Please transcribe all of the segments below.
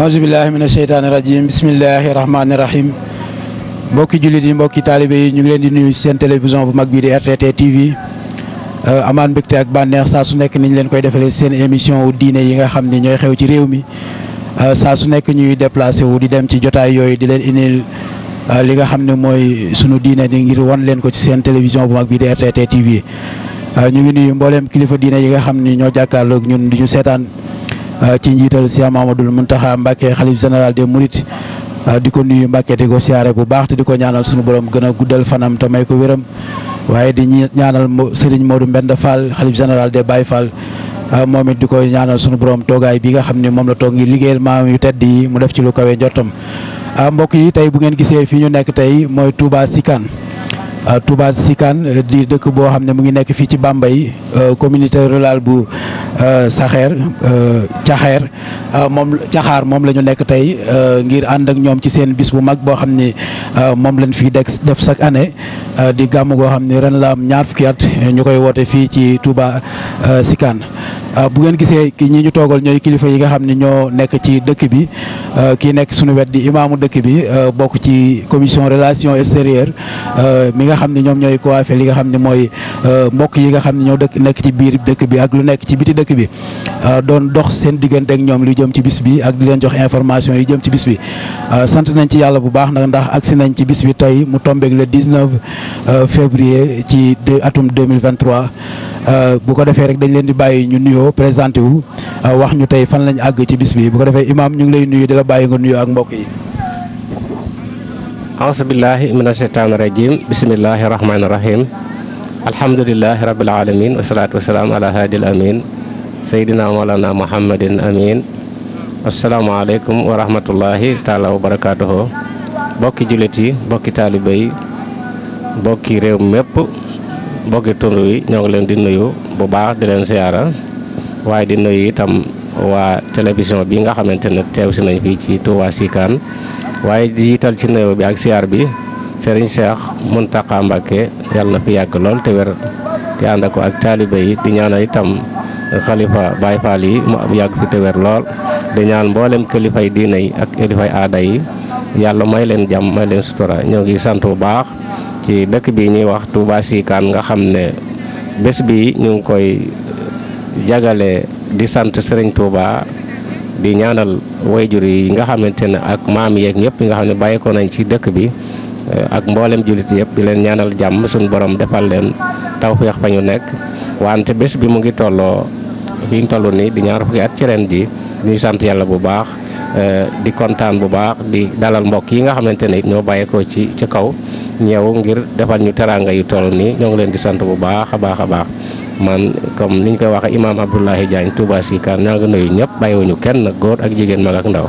aousubillahi min asheytaani rajim bismillahi rahmaani rahim mbokki jullit yi mbokki taalibe yi ñu ngi leen di nuyu seen télévision bu mag bii di RTT TV euh, amaan mbégte ak bànneex saa su nekk niñ leen koy defalee seen émission wu diine yi nga xam ni ñooy xew ci réew mi euh, saa su nekk ñuy déplacé wu di dem ci jotaay yooyu di leen indil euh, li nga xam ne mooy sunu diine di ngir wan leen ko ci seen télévision bu mag bii di RTT TV ñu ngi nuyu mbooleem kilifa diine yi nga xam ne ñoo jàkkaarloog ñun di seetaan Euh, ci njiital Cheikh Mamadou Mountakha Mbacké xalif général de Mourides euh, di ko nuyu Mbacké di ko siyaare bu baax te di ko ñaanal suñu borom gën a guddal fanam te may ko wéram waaye di ñaanal Serigne Modou Mbend Fall xalif général des Baye Fall euh, moom it di koy ñaanal suñu borom toogaay bi nga xam ne moom la toog ngi liggéeyal maam yu tedd yi mu def ci lu kawe njortam mbokk yi tey bu ngeen gisee fi ñu nekk tey mooy Touba Sikane Euh, Touba Sikan euh, di dëkk boo xam ne mu ngi nekk fii ci Bambey euh, communauté rural bu Saxeer Caxeer moom Caxaar moom la ñu nekk tey ngir ànd ak ñoom ci seen bis bu mag boo xam ne moom lañ fii def chaque année di gàmm goo xam ne ren laam ñaar fukki at ñu koy woote fii ci Touba Sikan bu ngeen gisee ki ñi ñu toogal ñooy kilifa yi nga xam ne ñoo nekk ci dëkk bi ki nekk suñu wet di imaamu dëkk bi bokk ci commission relation extérieure nga xam ni ñoom ñooy coiffé li nga xam ne mooy euh, mbokk yi nga xam ne ñoo dëkk nekk ci biir dëkk bi ak lu nekk ci biti dëkk bi euh, doon dox seen diggante ak ñoom lu jëm ci bis bi ak di leen jox information yi jëm ci bis bi euh, sant nañ ci yàlla bu baax nag ndax agsi nañ ci bis bi tey mu tombeeg le 19 février ci atum 2023 bu ko defee rek dañ leen di bàyyi ñu nuyoo présenté wu wax ñu tey fan lañ àgg ci bis bi bu ko defee imam ñu ngi lay nuyu di la bàyyi nga nuyoo ak mbokk yi aousubillahi mina sheytaani rajim bisimillahi rahmaani rahim alhamdulilahi rabil alamin wasalatu wasalaam ala haadil amin saydina moolana muhammadin amin asalaamaaleykum wa rahmatullahi taala wa barakatuho bokki jullit yi bokki taalibe yi bokki réew mépp bokki tund yi ñoo leen di nuyu bu baax di leen siyaara waaye di nuyu itam waa télévision bi nga xamante ne teew si nañ fii ci Touba Chikane waaye jiital ci néew bi ak siyaar bi sëriñ Cheikh Mountakha Mbacké yàlla na fi yàgg lool te wér te ko ak taalibe yi di ñaanal itam xalifa Baay Faal yi mu yàgg fi te wér lool di ñaan mboolem kilifay diine yi ak kilifay aada yi yàlla may leen jàmm may leen sutura ñoo ngi sant bu baax ci dëkk bi ñuy wax Touba Sikaan nga xam ne bés bi ñu ngi koy jagale di sant sëriñ Touba di ñaanal wayjur yi nga xamante ne ak maam yeeg ñëpp yi nga xam ne bàyyi ko nañ ci dëkk bi eh, ak mboolem jullit yëpp di leen ñaanal jàmm suñu borom defal leen tawféex fa ñu nekk wante bés bi mu ngi tolloo fi ñu toll nii di ñaar fukki at cereen ji ñuy sant yàlla bu baax eh, di kontaan bu baax di dalal mbokk yi nga xamante ne ñoo bàyyeekoo ci ci kaw ñëw ngir defal ñu teraanga yi toll nii ñoo ngi leen di sant bu baax a baax a baax. man li ñu koy waxee imaam Abdoulahi Diagne Touba Sikaar ñaa nga nuyu ñëpp ñu kenn góor ak jigéen mag ak ndaw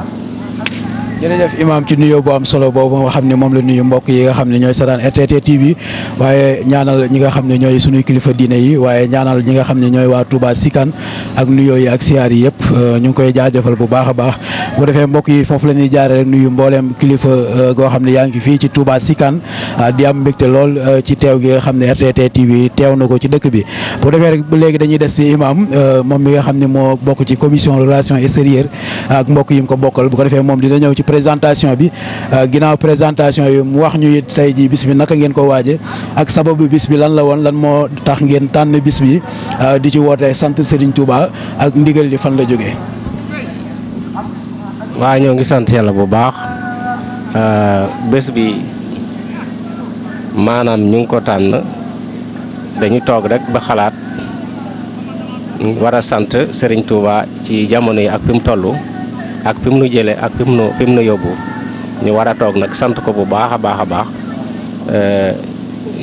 jërëjëf imaam ci nuyoo bu am solo boobu nga xam ne moom la nuyu mbokk yi nga xam ne ñooy seetaan RTT TV waaye ñaanal ñi nga xam ne ñooy suñuy kilifa diine yi waaye ñaanal ñi nga xam ne ñooy waa Touba Sikan ak nuyoo yi ak siyaar yi yëpp euh, ñu ngi koy jaajëfal bu baax a baax bu ko defee mbokk yi foofu la ñuy jaare nuyu mbooleem kilifa euh, goo xam ne yaa ngi fii ci Touba Sikan euh, di am mbégte lool ci teew gi nga xam ne RTT TV teew na ko ci dëkk bi bu defee rek bu léegi dañuy des ci imaam moom mi nga xam ne moo bokk ci commission relation extérieure ak mbokk yi mu ko bokkal bu ko defee moom dina ñëw ci présentation bi euh, ginnaaw présentation yi mu wax ñu it tey jii bis bi naka ngeen ko waaje ak sababu bis bi lan la woon lan moo tax ngeen tànn bis bi euh, di ci woote sant Serigne Touba ak ndigal li fan la jóge waa ñoo ngi sant yàlla bu baax euh, bés bi maanaam ñu ngi ko tànn dañu toog rek ba xalaat war a sant Serigne Touba ci jamono yi ak fi mu toll. ak fi mu nu jëlee ak fi mu nu fi mu nu yóbbu ñu war a toog nag sant ko bu baax a baax a baax euh,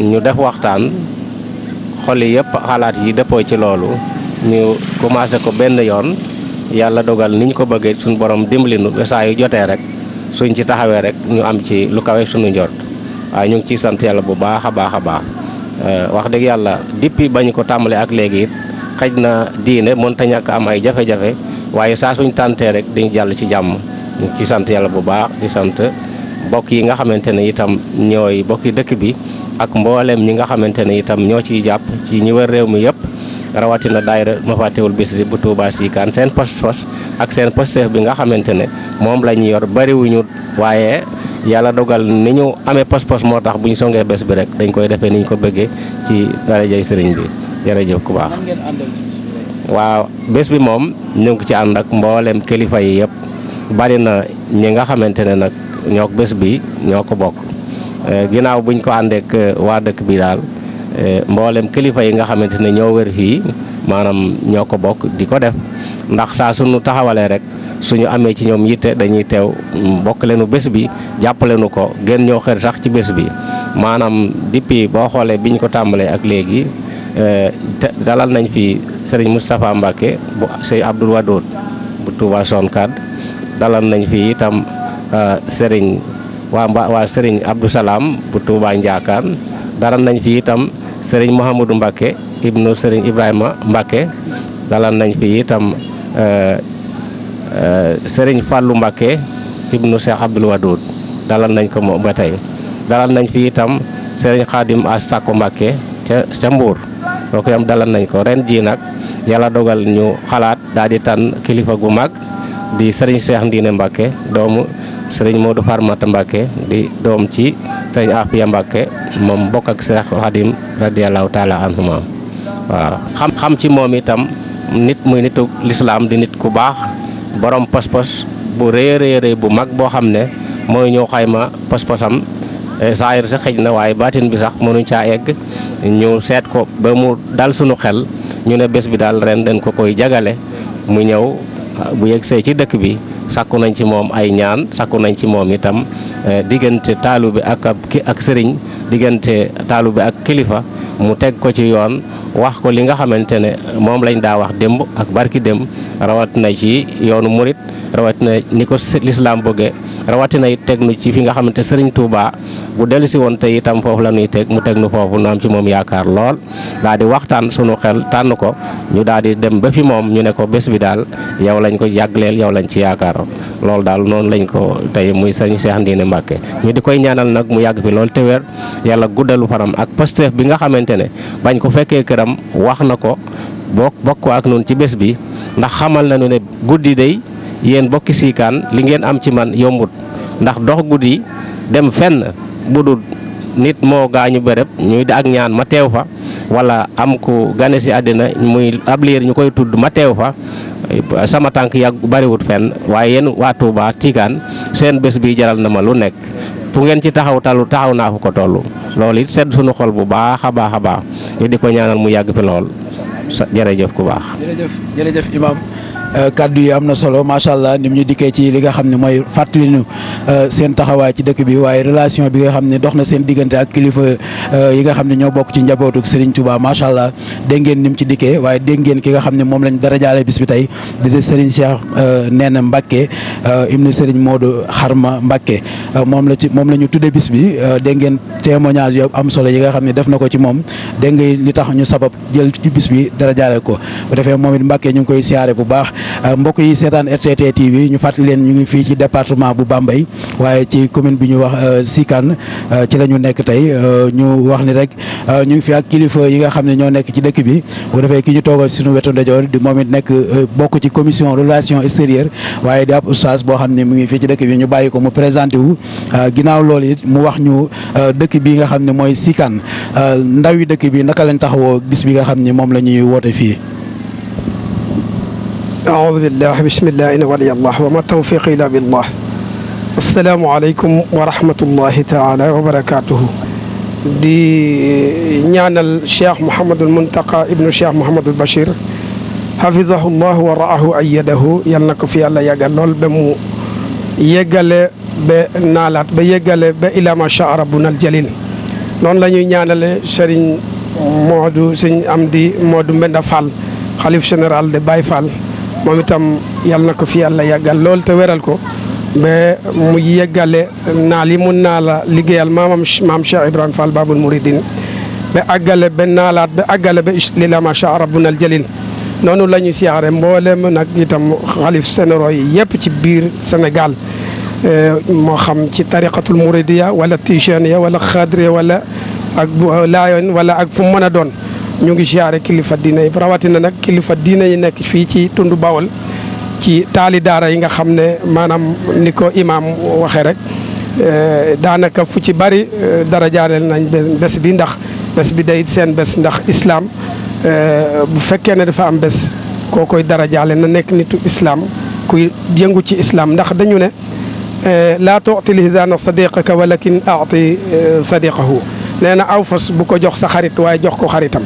ñu def waxtaan xol yi yëpp xalaat yi dëppoo ci loolu ñu commencé ko benn yoon yàlla dogal ni ñu ko bëggee suñu borom dimbali nu saa yu jotee rek suñ ci taxawee rek ñu am ci lu kawe suñu njort waaye ñu ngi ciy sant yàlla bu baax a baax a baax euh, wax dëgg yàlla depuis ba ko tàmbalee ak léegi it xëj na diine mënta ñàkk am ay jafe-jafe. waaye saa suñ tàntee rek dañu jàll ci jàmm ci sant yàlla bu baax di sant mbokk yi nga xamante ne itam ñooy bokki dëkk bi ak mbooleem ñi nga xamante ne itam ñoo ciy jàpp ci ñi wër réew mi yëpp rawatina daay ma Mafatihul Bichri bu Touba Sikaan seen pas-pas ak seen pasteef bi nga xamante ne moom la ñu yor bariwuñu waaye yàlla dogal ni ñu amee pas-pas moo tax bu ñu songee bés bi rek dañ koy defee ni ñu ko bëggee ci darajay sëriñ bi jërëjëf baax. waaw bés bi moom ñu ngi ci ànd ak mbooleem kilifa yi yëpp bari na ñi nga xamante ne nag ñoo bés bi ñoo ko bokk eh, ginnaaw buñ ko àndeek eh, waa dëkk bi daal eh, mboolem kilifa yi nga xamante ne ñoo wër fii maanaam ñoo ko bokk di ko def ndax saa suñu taxawalee rek su ñu amee ci ñoom yitte dañuy teew mm, bokk leenu bés bi jàppale nu ko gën ñoo xër sax ci bés bi maanaam depuis boo xoolee biñ ko tàmbalee ak léegi dalal nañ fii sëriñ Moustapha Mbacke bu sëñ Abdoul bu Touba Son dalal nañ fi itam euh, sëriñ waa mba waa sëriñ Abdou Salaam bu Touba Ndiakane dalal nañ fi itam sëriñ Mouhamadou Mbacke ibnu sëriñ Ibrahima Mbacke dalal nañ fi itam euh, euh, sëriñ Fallou Mbacke ibnu Cheikh Abdoul dalal nañ ko moom ba tey dalal nañ fi itam sëriñ Khadim As Sakko ca ca Mbour kooku yam dalal nañ ko ren jii nag yàlla dogal ñu xalaat daal di tànn kilifa gu mag di sëriñ Cheikh Ndiine Mbacke doomu sëriñ Modou Farmata Mbacke di doom ci sëriñ Afia Mbacke moom bokk ak Cheikh Khadim radiyallahu taala anhuma waaw xam xam ci moom itam nit muy nitu lislaam di nit ku baax borom pos-pos bu rëy rëy rëy bu mag boo xam ne mooy ñëw xayma pos-posam Eh, saayir sax xëj na waaye baatin bi sax mënuñ caa egg ñu seet ko ba mu dal sunu xel ñu ne bés bi daal ren dañ ko koy jagale mu ñëw ah, bu yegg see ci dëkk bi sakku nañ ci moom ay ñaan sakku nañ ci moom itam eh, diggante taalu bi ak ak sëriñ diggante taalu bi ak kilifa mu teg ko ci yoon wax ko li nga xamante ne moom lañ daa wax démb ak barki démb rawatina ci yoonu murit rawatina ni ko lislaam bëgge rawatina it teg nu ci fi nga xamante sëriñ Touba bu dellu si woon te itam foofu la ñuy teg mu teg nu foofu nu am ci moom yaakaar lool daal di waxtaan sunu xel tànn ko ñu daal di dem ba fi moom ñu ne ko bés bi daal yow lañ ko yàggleel yow lañ ci yaakaar loolu daal noonu lañ ko tey muy sëriñ Cheikh Ndine Mbacke ñu di koy xamante ne bañ ko fekkee këram wax na ko bokk bokk ak noonu ci bés bi ndax xamal nañu ne guddi day yéen bokki siikaan li ngeen am ci man yombut ndax dox guddi dem fenn budul nit moo gaañu bërëb ñuy di ak ñaan ma teew fa wala am ku gane si àddina muy ab liir ñu koy tudd ma teew fa sama tànk yàgg bariwut fenn waaye yéen waa Touba Tikaan seen bés bi jaral na ma lu nekk fu ngeen ci taxaw talu taxaw naa fu ko toll lool it sedd suñu xol bu baax a baax a baax ñu di ko ñaanal mu yàgg fi lool jërëjëf ku baax. Euh, kàddu yi am na solo macha allah nim ñu dikkee ci li nga xam ne mooy fàttali ñu euh, seen taxawaay ci dëkk bi waaye relation bi nga xam ne dox na seen diggante ak kilifa euh, yi nga xam ne ñoo bokk ci njabootu Serigne Touba macha allah dégg ngeen ni mu ci dikkee waaye dégg ngeen ki nga xam ne moom lañ dara jaale bis tey di Serigne Cheikh Nene Mbacke ibnu Serigne Modou Xarma Mbacke moom la ci moom la ñu tuddee bis bi dégg ngeen témoignage yu am solo yi nga xam ne def na ko ci moom dégg nga li tax ñu sabab jël ci bis bi dara jaale ko bu defee moom it Mbacke ñu ngi koy siyaare bu baax Euh, mbokk yi seetaan RTT TV ñu fàttali leen ñu ngi fii ci département bu Bambey waaye ci commune bi ñuy wax euh, Sikane euh, ci la ñu nekk tey ñu wax ni rek ñu ngi fi ak kilifa yi nga xam ne ñoo nekk ci dëkk bi bu defee ki ñu toogal suñu wetu ndajoor di moom it nekk bokk ci commission relation extérieure waaye di ab boo xam ne mu ngi fii ci dëkk bi ñu bàyyi ko mu présenté wu ginnaaw loolu it mu wax ñu dëkk bi nga xam ne mooy Sikane ndaw yi dëkk bi naka lañ taxawoo bis bi nga xam ni moom la ñuy woote fii audu billah bismillah in waliy allah wa ma tawfiq illa billah asalaamu aleykum wa rahmatullahi taala wa barakatuhu di ñaanal cheikh mouhamadul muntaqa ibnu cheikh mouhamadul bachir hafizahu llah wa raahu ayyadahu yal na ko fi yàlla yàggal lool ba mu yeggale ba naalaat ba yeggale ba ila ma shaa rabbuna aljalil noonu la ñuy ñaanale sëriñ Moodu sëñ Amdi Moodu Mbenda Fall xalif général de Baye Fall moom itam yal na ko fi yàlla yàggal lool te weral ko ba mu yeggale naa li mun naa la liggéeyal maamam maam Cheikh Ibrahima Fall Babul Mouridine ba àggale ba naalaat ba àggale ba li la macha rabbuna al jalil noonu la ñu siyaare mboolem nag itam xalif généraux yi yëpp ci biir Sénégal e, moo xam ci tariqatul mouridiya wala tijaniya wala xadriya wala ak laayoon wala ak fu mu mën a doon. ñu ngi siyaare kilifa diina yi rawatina nag kilifa diina yi nekk fii ci tund Bawol ci taali daara yi nga xam ne maanaam ni ko imaam waxee rek eh, daanaka fu ci bari eh, dara jaareel nañ bés bi ndax bés bi day seen bés ndax islam eh, bu fekkee ne dafa am bés koo koy dara jaale na nekk nitu islam kuy jëngu ci islam ndax dañu ne laa tuuti lihidaana sadiqaka walakin aati sadiqahu nee na aw fas bu ko jox sa xarit waaye jox ko xaritam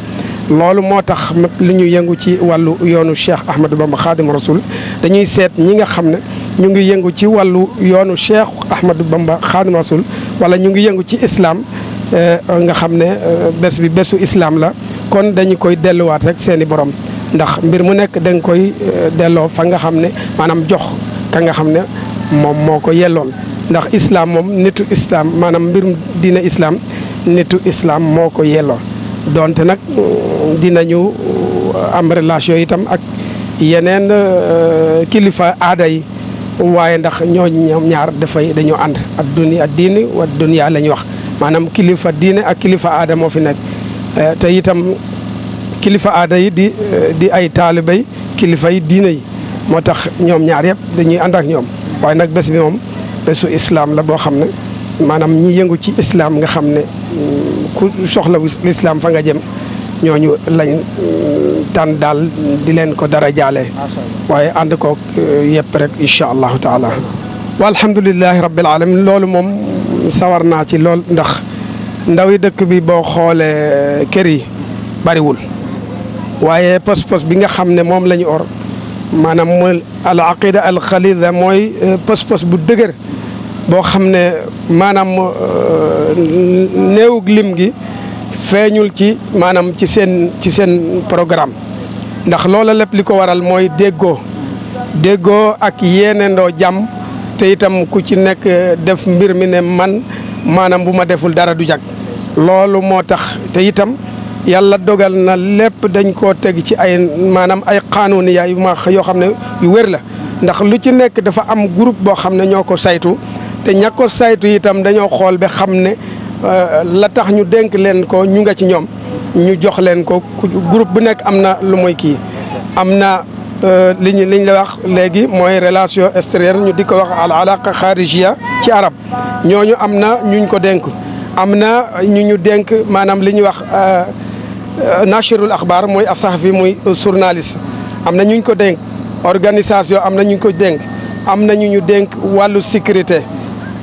loolu moo tax li ñu yëngu ci wàllu yoonu Cheikh ahmadu Bamba Khadim Rasoul dañuy seet ñi nga xam ne ñu ngi yëngu ci wàllu yoonu Cheikh Ahmadou Bamba Khadim Rasoul wala ñu ngi yëngu ci islam eh, nga xam ne eh, bés bi bésu islaam la kon dañu koy delluwaat rek seeni borom ndax mbir mu nekk da nga koy eh, delloo fa nga xam ne maanaam jox ka nga xam ne moom moo ko yellool ndax islaam moom nittu islam maanaam mbirum diina islam nitu islam moo ko yelloo donte nag mm, dinañu uh, am relation itam ak yeneen uh, kilifa aada yi waaye ndax ñooñ ñoom ñaar dafay dañoo ànd ak duniya ak diini wa duniya la ñuy wax maanaam kilifa diine ak kilifa aada moo fi nekk uh, te itam kilifa aada yi di di ay taalibay kilifa yi diine yi moo tax ñoom ñaar yëpp dañuy ànd ak ñoom waaye nag bés bi moom bésu islam la boo xam ne maanaam ñi yëngu ci islam nga xam ne mm, ku soxla islam fa nga jëm ñooñu lañ mm, tànn daal di leen ko dara jaale waaye ànd koog euh, yëpp rek incha allahu taala. wa alhamdulilahi rabbil alamin loolu moom sawar naa ci lool ndax ndaw yi dëkk bi boo xoolee euh, kër yi bariwul waaye pos-pos bi nga xam ne moom la ñu or maanaam mooy al aqida al xalida mooy euh, pos-pos bu dëgër. boo xam ne maanaam euh, néewug lim gi feeñul ci maanaam ci seen ci seen programme ndax loola lépp li ko waral mooy déggoo déggoo ak yéenendoo jàmm te itam ku ci nekk def mbir mi ne man maanaam bu ma deful dara du jag loolu moo tax te itam yàlla dogal na lépp dañ ko teg ci ay maanaam ay xaanuuniya yu ma yoo xam ne yu wér la ndax lu ci nekk dafa am groupe boo xam ne ñoo ko saytu te ña ko saytu itam dañoo xool ba xam ne euh, la tax ñu dénk leen ko ñu nga ci ñoom ñu jox leen ko groupe bu nekk am na lu muy kii am na euh, li ñu li ñu wax léegi mooy relation extérieure ñu di ko wax al alaqa xaarijia ci arab ñooñu am na ñuñ ko dénk am na ñu ñu dénk maanaam li ñuy wax euh, nachirul axbaar mooy ab saxafi muy journaliste am na ñuñ ko dénk organisation am na ñu ko dénk am na ñu ñu dénk wàllu sécurité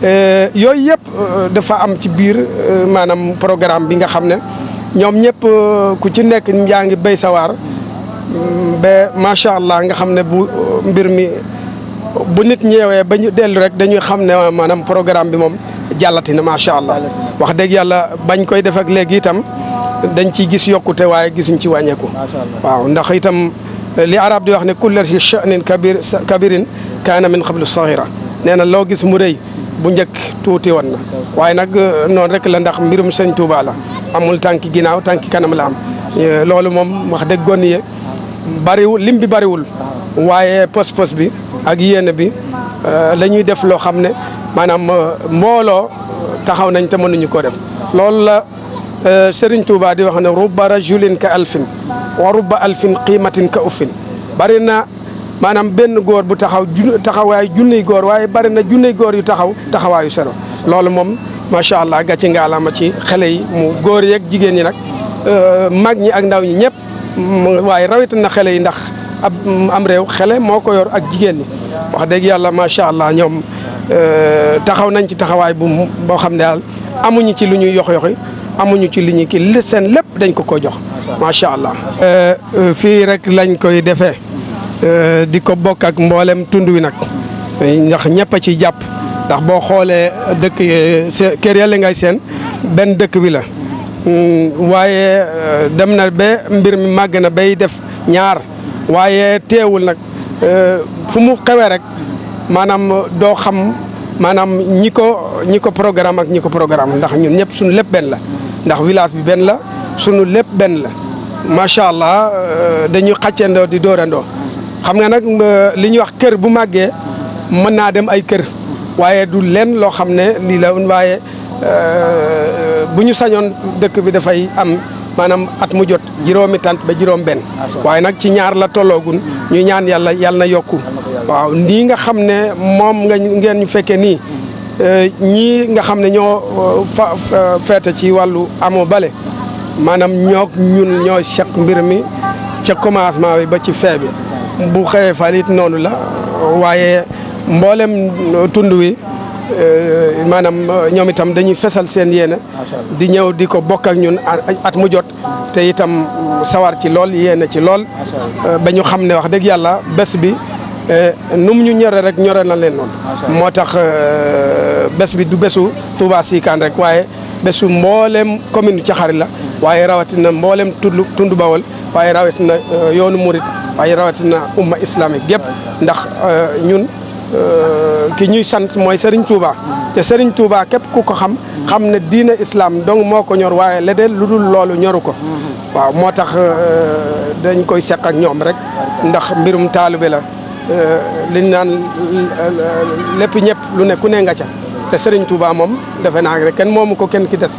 Euh, yooyu yëpp euh, dafa am ci biir euh, maanaam programme bi nga xam ne ñoom ñëpp ku ci nekk yaa ngi bay sawar mm, ba macha allah nga xam ne bu mbir mi bu nit ñëwee ba dellu rek dañuy xam ne maanaam programme bi moom jàllati na macha allah. wax dëgg yàlla bañ koy def ak léegi itam dañ ciy gis yokkute waaye gisuñ ci wàññeeku. waaw ndax itam li arab di wax ne kullu sha'nin kabir kabirin kaana min qablu nee na loo gis mu rëy. bu njëkk tuuti woon waaye nag euh, noonu rek la ndax mbirum sëñ Touba la amul tànki ginnaaw tànki kanam la am euh, loolu moom wax dëgg gon ye bariwul lim bi bariwul waaye pos pos bi ak yéene bi euh, la ñuy def loo xam ne maanaam mbooloo taxaw nañ te mënuñu ko def loolu la Serigne Touba di wax ne rubba rajulin ka alfin wa rubba alfin qiimatin ka uffin bari maanaam benn góor bu taxaw taxawaayu junniy góor waaye bari na junniy góor yu taxaw taxawaayu sero loolu moom macha allah gàcce ngaalaama ci xele yi mu góor yeeg jigéen ñi nag euh, mag ñi ak ndaw ñi ñëpp waaye rawatina na xele yi ndax ab am réew xele moo ko yor ak jigéen ñi wax dëgg yàlla macha allah ñoom euh, taxaw nañ ci taxawaay bu boo xam ne daal amuñu ci lu ñuy yox yoxi amuñu ci lu ñuy kii seen lépp dañ ko ko jox macha allah. Euh, fii rek lañ koy defee. Euh, di ko bokk ak mboolem tund wi nag ndax ñëpp a ciy jàpp ndax boo xoolee dëkk kër yàlla ngay seen benn dëkk bi la hmm, waaye euh, dem na ba mbir mi màgg na bay def ñaar waaye teewul nag euh, fu mu xewee rek maanaam doo xam maanaam ñi ko ñi ko programme ak ñi ko programme ndax ñun ñëpp suñu lépp benn la ndax village bi benn la sunu lépp benn la macha allah dañuy xàccandoo di dóorandoo xam na nag euh, li ñuy wax kër bu màggee mën naa dem ay kër waaye du leen loo xam ne lii la waaye euh, bu ñu sañoon dëkk bi dafay am maanaam at mu jot juróomi tant ba juróom benn ah, waaye nag ci ñaar la tolloogun mm. ñu ñaan yàlla yàlla na yokku waaw nii nga xam ne moom nga ngeen ñu fekkee nii euh, ñii nga xam ne ñoo fa feete ci wàllu amoo bale maanaam ñoo ñun ñoo seq mbir mi ca commencement bi ba ci fin bi bu xëyee fan it noonu la waaye mboolem tund wi eh, maanaam eh, ñoom itam dañuy fesal seen yéene di ñëw di ko bokk ak ñun at mu jot te itam sawar ci lool yéene ci lool eh, ba ñu xam ne wax dëgg yàlla bés bi num ñu ñore rek ñore na leen noonu moo tax bés bi du besu Touba Sikane rek waaye bésu mboolem commune Caxari la waaye rawatina mbooleem tund tund Bawol waaye rawatina yoonu Murit waaye rawatina umma islamique gépp ndax euh, ñun euh, ki ñuy sant mooy Serigne Touba te Serigne Touba képp ku ko xam xam ne diina islam donc moo ko ñor waaye leneen lu dul loolu ñoru ko waaw moo tax euh, dañ koy seq ak ñoom rek ndax mbirum taalibe la liñ naan lépp ñëpp lu ne ku ne nga ca te Serigne Touba moom defe naa rek kenn moomu ko kenn ki des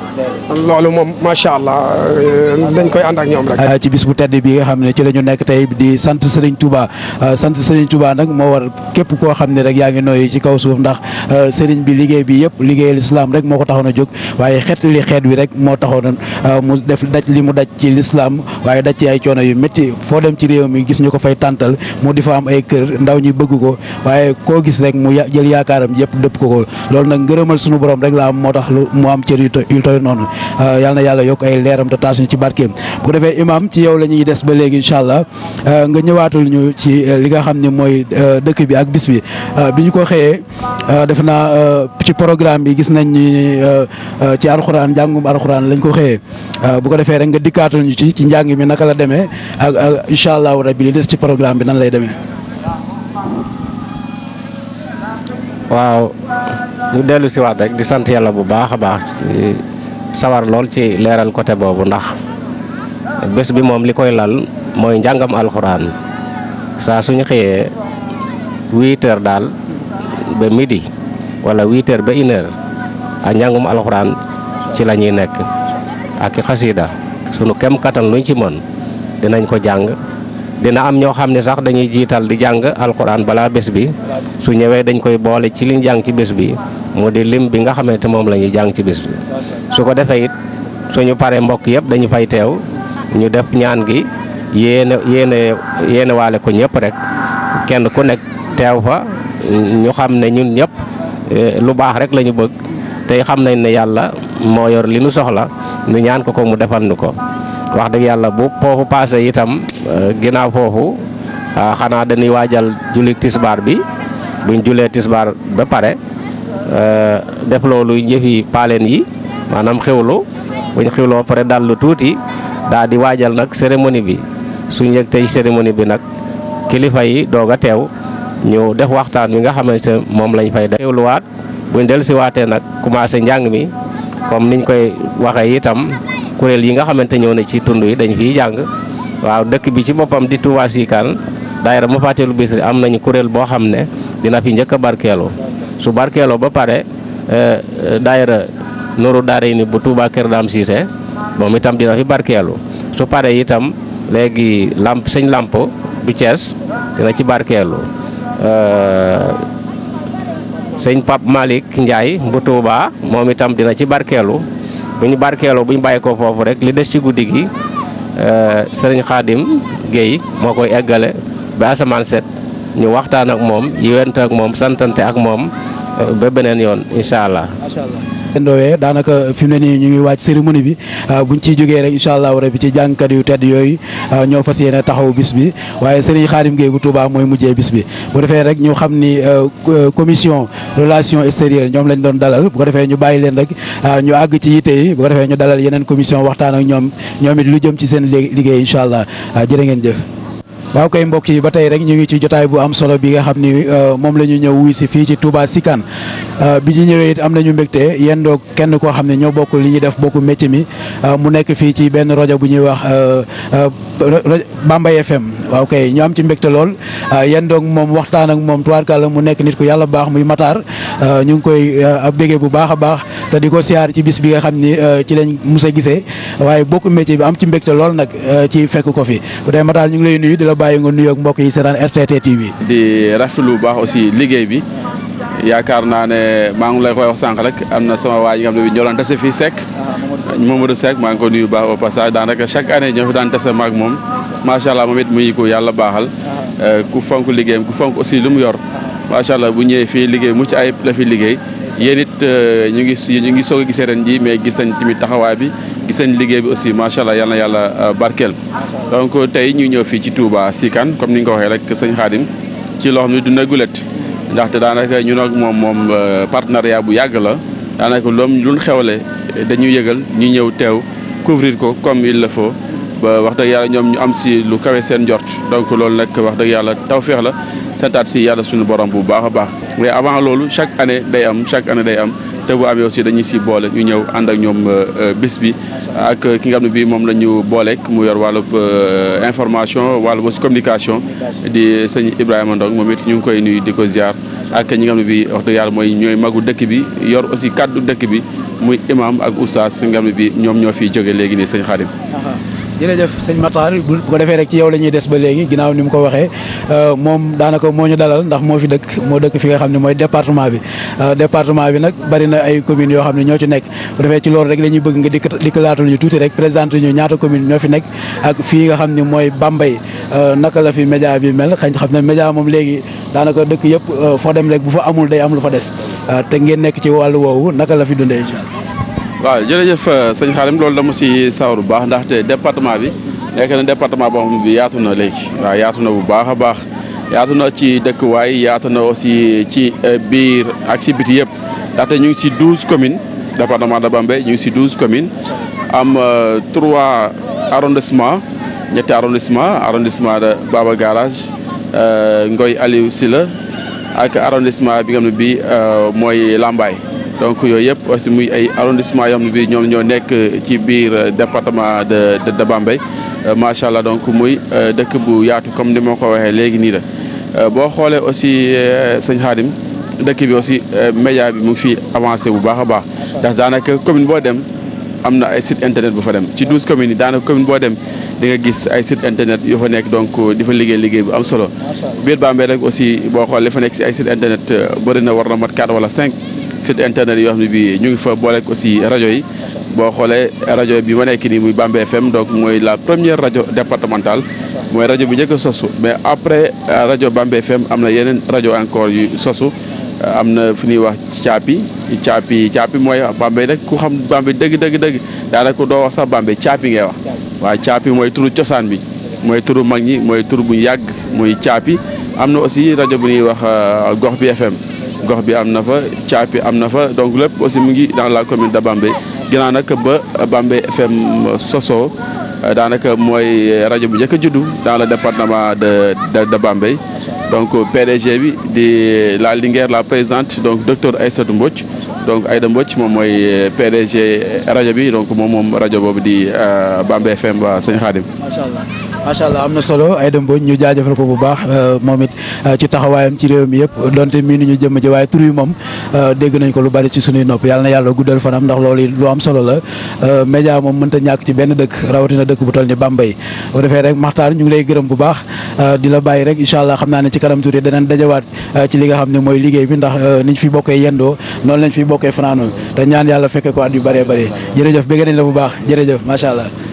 loolu moom macha allah euh, dañ koy ànd ak ñoom rek. Euh, ci bis bu tedd bi nga xam ne ci la nekk tey di sant seriñ Touba euh, sant Serigne Touba nag moo war képp koo xam ne rek yaa ngi nooyu ci kaw suuf ndax seriñ bi liggéey bi yëpp liggéeyal islam rek moo ko taxoon a jog waaye xeet li xeet wi rek moo taxoon mu def daj li mu daj ci lislaam waaye daj ci ay coono yu métti foo dem ci réew mi gis ñu ko fay tàntal mu di fa am ay kër ndaw ñi bëgg ko waaye koo gis rek mu jël yaakaaram yëpp dëpp ko nag ngërëmal sunu borom rek la am moo tax lu mu am cër yu toy noonu euh, yal na yàlla yokk ay leeram te taas ñu ci barkeem bu ko defee imam ci yow la ñuy des ba léegi incha allah euh, nga ñëwaatul ñu ci euh, li nga xam ne mooy dëkk bi ak bis bi bi ñu ko xëyee def naa ci programme bi gis nañ ni ci alxuraan njàngum alxuraan lañ ko xëyee bu ko defee rek nga dikkaatul ñu ci ci njàng mi naka la demee ak incha allah rabbi li des ci programme bi nan lay demee. waaw ñu dellu siwaat waat rek di sant yàlla bu baax a baax sawar lool ci leeral côté boobu ndax bés bi moom li koy lal mooy njàngam alxuraan saa suñu xëyee huit daal ba midi wala huit heures ba une heure njàngum alxuraan ci la ñuy nekk ak xasiida sunu kem kattan luñ ci mën dinañ ko jàng dina am ñoo xam ne sax dañuy jiital di jàng alxuraan balaa bés bi su ñëwee dañ koy boole ci liñ jàng ci bés bi mu di lim bi nga xamante moom lañuy ñuy jàng ci bés bi su ko defee it suñu paree mbokk yëpp dañu fay teew ñu def ñaan gi yéene yéene yéene waale ko ñëpp rek kenn ku nekk teew fa ñu xam ne ñun ñëpp eh, lu baax rek la ñu bëgg tey xam nañ ne yàlla moo yor li nu soxla ñu ñaan ko ko mu defal nu ko wax dëgg yàlla bu foofu passé itam euh, ginnaaw foofu euh, xanaa dañuy waajal julli tisbaar bi buñ julee tisbaar ba pare euh, def loolu njëfi paaleen yi maanaam xewlu buñ xewloo pare dal lu tuuti daal di waajal nag cérémonie bi su yëg tey cérémonie bi nag kilifa yi doog a teew ñu def waxtaan wi nga xamante moom lañ fay def xewluwaat buñ dellusiwaatee nag commencé njàng mi comme niñ koy waxee itam kuréel yi nga xamante ñëw na ci tund yi dañ fiy jàng waaw dëkk bi ci boppam di Touba Sikan daayira Mafatihul Bichri am nañu kuréel boo xam ne dina fi njëkk a barkeeloo su barkeeloo ba pare euh, euh, daayira Nourou Darayni bu Touba Kër Dame Cissé moom itam dina fi barkeelu su pare itam léegi lamp sëñ lamp bu Thiès dina ci barkeelu euh, sëñ Pape Malick Ndiaye bu Touba moom itam dina ci barkeelu bu ñu barkeeloo bu ñu bàyyi ko foofu rek li des ci guddi gi euh, sëriñ xaadim Guèye moo koy eggale ba asamaan set ñu waxtaan ak moom yiwante ak moom santante ak moom euh, ba beneen yoon incha allah. ndoowee daanaka fi mu ne nii ñu ngi waaj cérémonie bi ah, buñ ciy jógee rek incha allah bi ci jàngkat yu tedd yooyu ah, ñoo fas yéene taxaw bis bi waaye sëriñ Xaadim Gueye bu Touba mooy mujjee bis bi bu defee rek ñu xam ni ah, commission relation extérieure ñoom lañ doon dalal bu ko defee ñu bàyyi leen rek ñu àgg ci yitte yi bu defee ñu dalal yeneen commission waxtaan ak ñoom ñoom it lu jëm ci seen liggéey incha allah jërë ngeen jëf waaw kay mbokk yi ba tey rek ñu ngi ci jotaay bu am solo bi nga xam ni euh, moom la ñu ñëw wuy si fii ci Touba Sikan euh, bi ñu ñëwee it am nañu mbégte yendoo kenn koo xam ne ñoo bokk li ñuy def bokku métier mi euh, mu nekk fii ci benn rajo bu ñuy wax Bambay FM waaw kay ñu am ci mbégte lool yendoog moom waxtaan ak moom tubaarkàlla mu nekk nit ku yàlla baax muy Matar ñu ngi koy ab bége bu baax a baax te di ko siyaar ci bis bi nga xam ni ci lañ mus gisee waaye bokku métier bi am ci mbégte lool nag ci fekk ko fi bu dee Matar ñu ngi lay nuyu bàyyi nga nuyoog mbokk yi seetaan RTT TV. di rafetlu lu baax aussi liggéey bi yaakaar naa ne maa ngi lay koy wax sànq rek am na sama waa yi nga xam ne bi ñoo daan tase fii Seck Mamadou Seck maa ngi baax au passage daanaka chaque année ñoo fi daan tase maag moom macha allah moom it muy ko yàlla baaxal euh, ku fonk liggéeyam ku fonk aussi lu mu yor macha allah bu ñëwee fii liggéey mucc ayib la fi liggéey yéen it euh, ñu ngi ñu ngi soog gisee ren ji mais gis nañ tamit taxawaay bi gis nañ liggéey bi aussi macha allah yal na yàlla euh, barkeel donc tey ñu ñëw fii ci Touba Sikane comme ni nga ko waxee rek sëñ Xaadim ci loo xam ne du nagulet ndaxte daanaka ñu ak moom moom euh, partenariat bu yàgg la daanaka loom luñ xewle dañuy yëgal ñu ñëw teew couvrir ko comme il le faut ba wax dëgg yàlla ñoom ñu am si lu kawe seen njort donc loolu nag wax dëgg yàlla tawféex la santaat si yàlla suñu borom bu baax a baax mais avant loolu chaque année day am chaque année day am te bu amee aussi dañuy si boole ñu ñëw ànd ak ñoom euh, euh, bis bi ak ki nga xam ne bii moom la ñu booleek mu yor wàllub euh, information wàllub communication di sëñ Ibrahima Ndong moom it ñu ngi koy nuyu di ko ziar ak ñi nga xam ne wax dëgg yàlla mooy ñooy magu dëkk bi yor aussi kàddu dëkk bi muy imam ak oustaz nga bii ñoom ñoo fiy jóge léegi nii sëñ Xaadim jëf sëñ Matar bu ko defee rek ci yow la ñuy des ba léegi ginnaaw ni mu ko waxee euh, moom daanaka moo ñu dalal ndax moo fi dëkk moo dëkk fi nga xam ne mooy département bi euh, département bi nag bari na ay communes yoo xam ne ñoo ci nekk ci loolu rek la ñuy bëgg nga dikk dikkalaatul ñu tuuti rek présenté ñu ñaata commune ñoo fi nekk ak fii nga xam ne mooy Bambey euh, naka la fi média bi mel xañ xam ne média moom léegi daanaka dëkk yëpp foo dem rek bu fa amul day am lu fa des te ngeen nekk ci wàllu woowu naka la fi dundee incha waaw jërëjëf euh, sëñ Xaadim loolu dama si sawar bu baax ndaxte département bi nekk na département boo xam bi yaatu na léegi waaw yaatu na bu baax a baax yaatu na ci dëkkuwaay yaatu na aussi ci euh, biir ak si biti yëpp ndaxte ñu ngi si douze communes département de Bambey ñu ngi si douze commune am euh, trois arrondissement ñetti arrondissement arrondissement de Baba Garage Ngoy si la ak arrondissement bi nga xam ne bii mooy Lambaye donc yooyu yëpp aussi muy ay arrondissement yoo xam bii ñoom ñoo nekk ci biir euh, département de de Bambey euh, macha allah donc muy euh, dëkk bu yaatu comme ni ma ko waxee léegi nii la boo xoolee aussi sëñ Xaadim dëkk bi aussi média bi mu fi avancé bu baax a baax ndax daanaka commune boo dem am na ay sit internet bu fa dem ci douze communes yi daanaka commune boo dem di nga gis ay site internet yu fa nekk donc di fa liggéey liggéey bi am solo biir Bambey rek aussi boo xoolee fa nekk si ay site internet na war na mat quatre wala cinq site internet yoo xam ne bii ñu ngi fa booleeg aussi rajo yi boo xoolee rajo bi ma nekk nii muy Bambey FM donc mooy la première rajo départementale mooy rajo bu njëkk sosu mais après euh, rajo Bambey FM am na yeneen rajo encore yu sosu euh, am na fu ñuy wax caapi caapi caapi mooy Bambey nag ku xam Bambey dëgg dëgg dëgg daanaka doo wax sax Bambey caapi ngay wax waaw caapi mooy turu cosaan bi mooy turu mag ñi mooy turu bu yàgg muy caapi am na aussi rajo bu ñuy wax euh, gox bi FM gox bi am na fa caapi am na fa donc lépp aussi mu ngi dans la commune de Bambey ginnaaw ba Bambey FM soso daanaka mooy rajo bu njëkk a juddu dans le département de de Bambey donc PDG bi di la Linguère la présidente donc ay Aïssatou Mbodj donc Aïda Mbodj moom mooy PDG rajo bi donc moom moom rajo boobu di euh, Bambey FM waa sëñ macha allah am na solo ay dem boñ ñu jaajëfal ko bu baax euh, moom it euh, ci taxawaayam ci réew mi yëpp donte mii miinu ñu jëmm ji waaye tur yi moom euh, dégg nañ ko lu bari ci suñuy nopp yàlla na yàlla guddal fanam ndax loolu am solo la média moom mënta ñàkk ci benn dëkk rawatina dëkk bu toll ni Bambey bu defee rek Maxtaar ñu ngi lay gërëm bu baax di la bàyyi rek incha allah xam naa ne ci kanam tuuti danañ dajawaat ci li nga xam ne mooy liggéey bi ndax niñ fi bokkee yendoo noonu lañ fi bokkee fanaanoo te ñaan yàlla fekke ko at yu bëree bëri jërëjëf bëgg nañ la bu baax jërëjëf macha allah